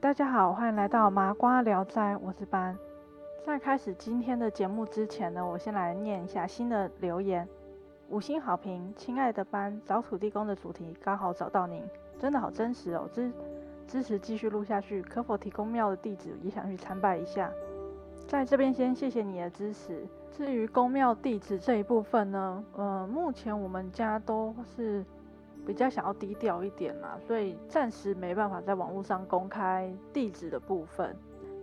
大家好，歡迎來到《麻瓜聊齋》，我是班。在開始今天的節目之前呢，我先來念一下新的留言。五星好評，親愛的班，找土地公的主題剛好找到您，真的好真實哦。支支持繼續錄下去，可否提供廟的地址？也想去參拜一下。在這邊先謝謝你的支持。至於宮廟地址這一部分呢，呃，目前我們家都是。比較想要低調一點嘛，所以暫時沒辦法在網絡上公開地址的部分。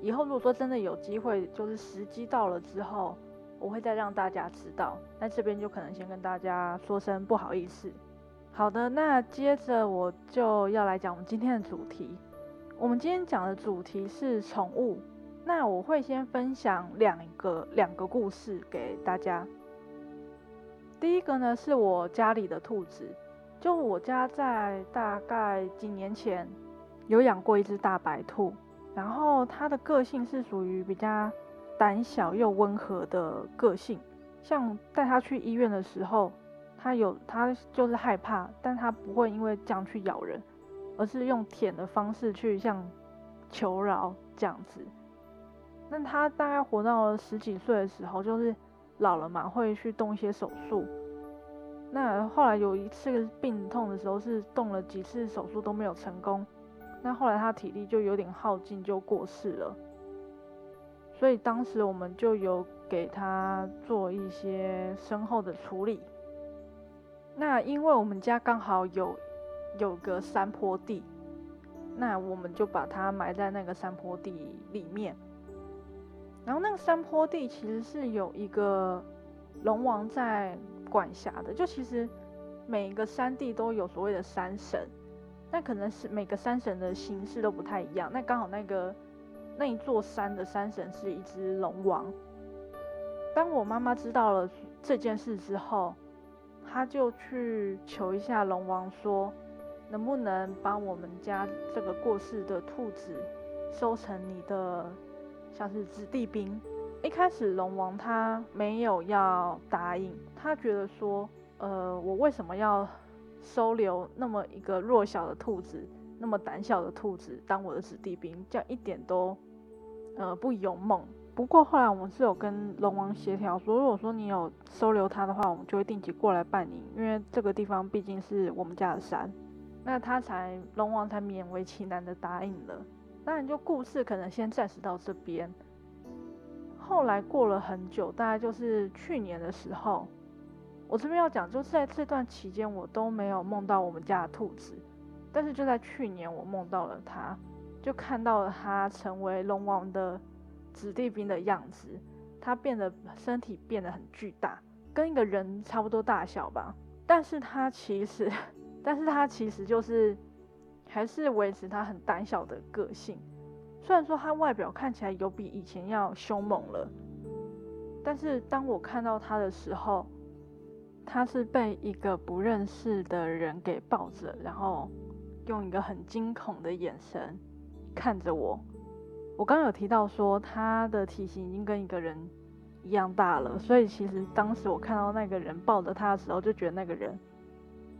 以後如果說真的有機會，就是時機到了之後，我會再讓大家知道。那這邊就可能先跟大家說聲不好意思。好的，那接着我就要來講我們今天的主題。我們今天講的主題是寵物。那我會先分享兩個兩個故事給大家。第一個呢，是我家裡的兔子。就我家在大概幾年前，有養過一隻大白兔，然後它的個性是屬於比較膽小又溫和的個性。像帶它去醫院的時候，它有它就是害怕，但它不會因為這樣去咬人，而是用舔的方式去像求饒這樣子。那它大概活到十幾歲的時候，就是老了嘛，會去動一些手術。那後來有一次病痛的時候，是動了幾次手術都沒有成功。那後來他體力就有點耗盡，就過世了。所以當時我們就有給他做一些生後的處理。那因為我們家剛好有有個山坡地，那我們就把它埋在那個山坡地裡面。然後那個山坡地其實是有一個龍王在。管轄的，就其實每個山地都有所謂的山神，那可能是每個山神的形式都不太一樣。那剛好那個那一座山的山神是一隻龍王。當我媽媽知道了這件事之後，她就去求一下龍王說，說能不能幫我們家這個過世的兔子收成你的像是子弟兵。一開始龍王他沒有要答應，他覺得說，呃，我為什麼要收留那麼一個弱小的兔子，那麼膽小的兔子當我的子弟兵，這樣一點都呃不勇猛。不過後來我們是有跟龍王協調說，如果說你有收留他的話，我們就會定期過來拜您，因為這個地方畢竟是我們家的山，那他才龍王才勉為其難的答應了。當然，就故事可能先暫時到這邊。後來過了很久，大概就是去年的時候，我這邊要講，就在這段期間我都沒有夢到我們家的兔子，但是就在去年我夢到了它，就看到了它成為龍王的子弟兵的樣子，它變得身體變得很巨大，跟一個人差不多大小吧，但是它其實，但是它其實就是還是維持它很膽小的個性，雖然說他外表看起來有比以前要兇猛了，但是當我看到他的時候，他是被一個不認識的人給抱着，然後用一個很驚恐的眼神看着我。我剛有提到說他的體型已經跟一個人一樣大了，所以其實當時我看到那個人抱着他的時候，就覺得那個人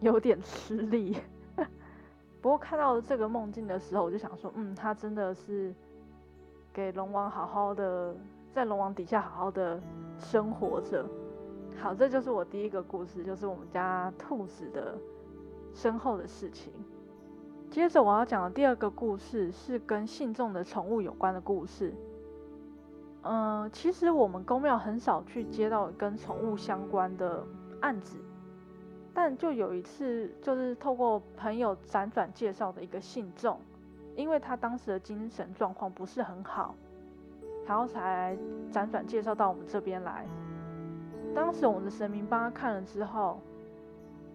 有點吃力。我看到了這個夢境的時候，我就想說，嗯，他真的是給龍王好好的，在龍王底下好好的生活着。好，這就是我第一個故事，就是我們家兔子的身後的事情。接着我要講的第二個故事是跟信眾的寵物有關的故事。嗯，其實我們宮廟很少去接到跟寵物相關的案子。但就有一次，就是透過朋友輾轉介紹的一個信眾，因為他當時的精神狀況不是很好，然後才輾轉介紹到我們這邊來。當時我們的神明幫他看了之後，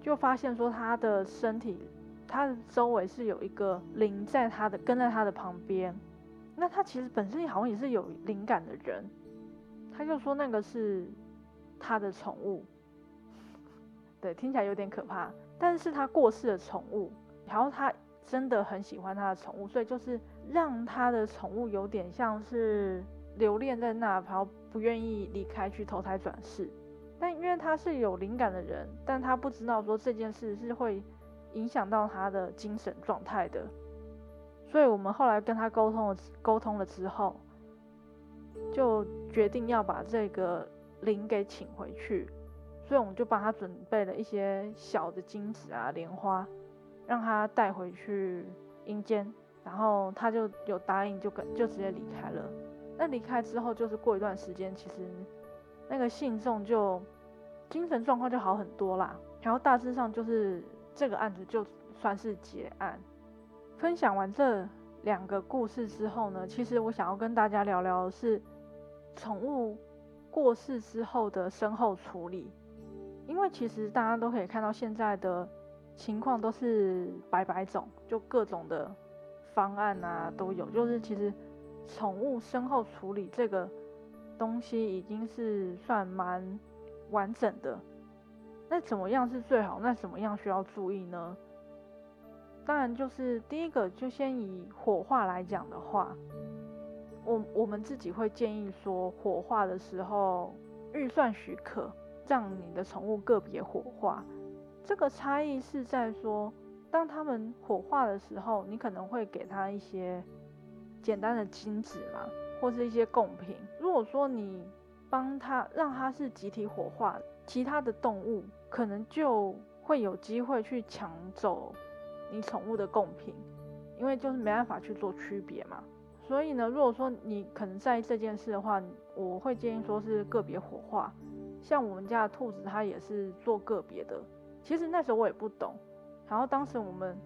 就發現說他的身體，他的周圍是有一個靈在他的跟在他的旁邊。那他其實本身好像也是有靈感的人，他就說那個是他的寵物。對，聽起來有點可怕，但是他過世的寵物，然後他真的很喜歡他的寵物，所以就是讓他的寵物有點像是留戀在那，然後不願意離開去投胎轉世。但因為他是有靈感的人，但他不知道說這件事是會影響到他的精神狀態的，所以我們後來跟他溝通了，溝通了之後，就決定要把這個靈給請回去。所以我們就幫他準備了一些小的金紙啊、蓮花，讓他帶回去陰間。然後他就有答應，就跟就直接離開了。那離開之後，就是過一段時間，其實那個信眾就精神狀況就好很多啦。然後大致上就是這個案子就算是結案。分享完這兩個故事之後呢，其實我想要跟大家聊聊的是寵物過世之後的身後處理。因為其實大家都可以看到現在的情況都是百百種，就各種的方案啊都有。就是其實寵物身後處理這個東西已經是算蠻完整的。那怎麼樣是最好？那怎麼樣需要注意呢？當然，就是第一個，就先以火化來講的話，我我們自己會建議說，火化的時候預算許可，讓你的寵物個別火化。這個差異是在說，當他們火化的時候，你可能會給他一些簡單的金紙嘛，或是一些貢品。如果說你幫他讓他是集體火化，其他的動物可能就會有機會去搶走你寵物的貢品，因為就是沒辦法去做區別嘛。所以呢，如果說你可能在意這件事的話，我會建議說是個別火化。像我們家的兔子，它也是做個別的。其實那時候我也不懂。然後當時我們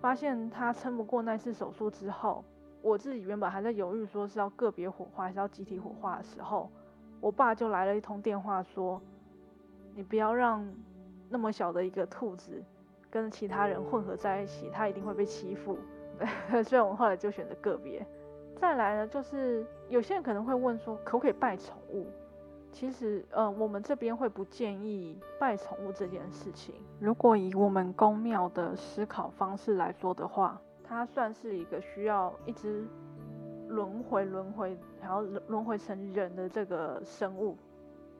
發現它撐不過那次手術之後，我自己原本還在猶豫，說是要個別火化還是要集體火化的時候，我爸就來了一通電話，說：“你不要讓那麼小的一個兔子跟其他人混合在一起，它一定會被欺負。”所以我們後來就選擇個別。再來呢，就是，有些人可能會問說，可不可以拜寵物？其實，嗯、呃，我們這邊會不建議拜寵物這件事情。如果以我們宮廟的思考方式來說的話，它算是一個需要一直輪迴、輪迴，然後輪迴成人的這個生物。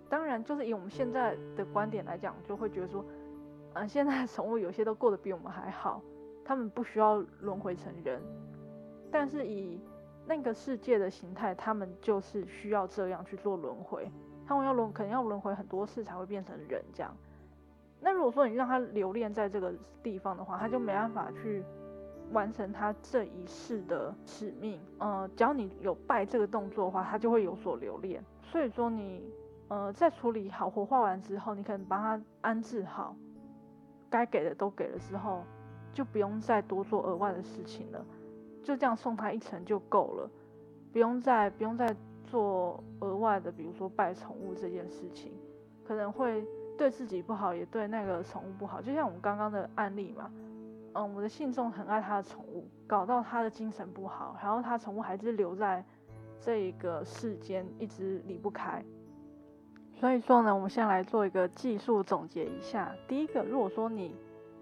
當然，就是以我們現在的觀點來講，就會覺得說，嗯、呃，現在寵物有些都過得比我們還好，他們不需要輪迴成人。但是以那個世界的形態，他們就是需要這樣去做輪迴。他們要輪，可能要輪回很多次才會變成人這樣。那如果說你讓他留戀在這個地方的話，他就沒辦法去完成他這一世的使命。呃，只要你有拜這個動作的話，他就會有所留戀。所以說你，呃，在處理好火化完之後，你可能把他安置好，該給的都給了之後，就不用再多做額外的事情了，就這樣送他一程就夠了，不用再不用再。做額外的，比如說拜寵物這件事情，可能會對自己不好，也對那個寵物不好。就像我們剛剛的案例嘛，嗯，我的信眾很愛他的寵物，搞到他的精神不好，然後他寵物還是留在這一個世間，一直離不開。所以說呢，我們先來做一個技術總結一下。第一個，如果說你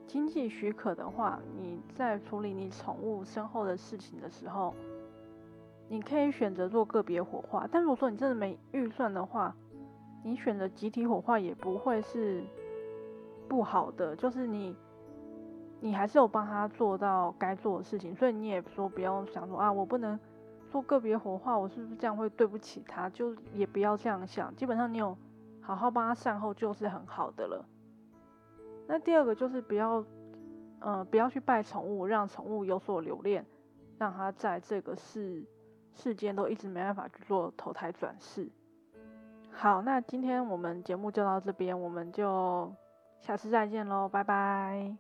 經濟許可的話，你在處理你寵物身後的事情的時候，你可以選擇做個別火化，但如果說你真的沒預算的話，你選擇集體火化也不會是不好的。就是你，你還是有幫他做到該做的事情，所以你也說不要想說啊，我不能做個別火化，我是不是這樣會對不起他，就也不要這樣想。基本上你有好好幫他善後就是很好的了。那第二個就是不要，呃，不要去拜寵物，讓寵物有所留戀，讓他在這個是。世間都一直沒辦法去做投胎轉世。好，那今天我們節目就到這邊，我們就下次再見嘍，拜拜。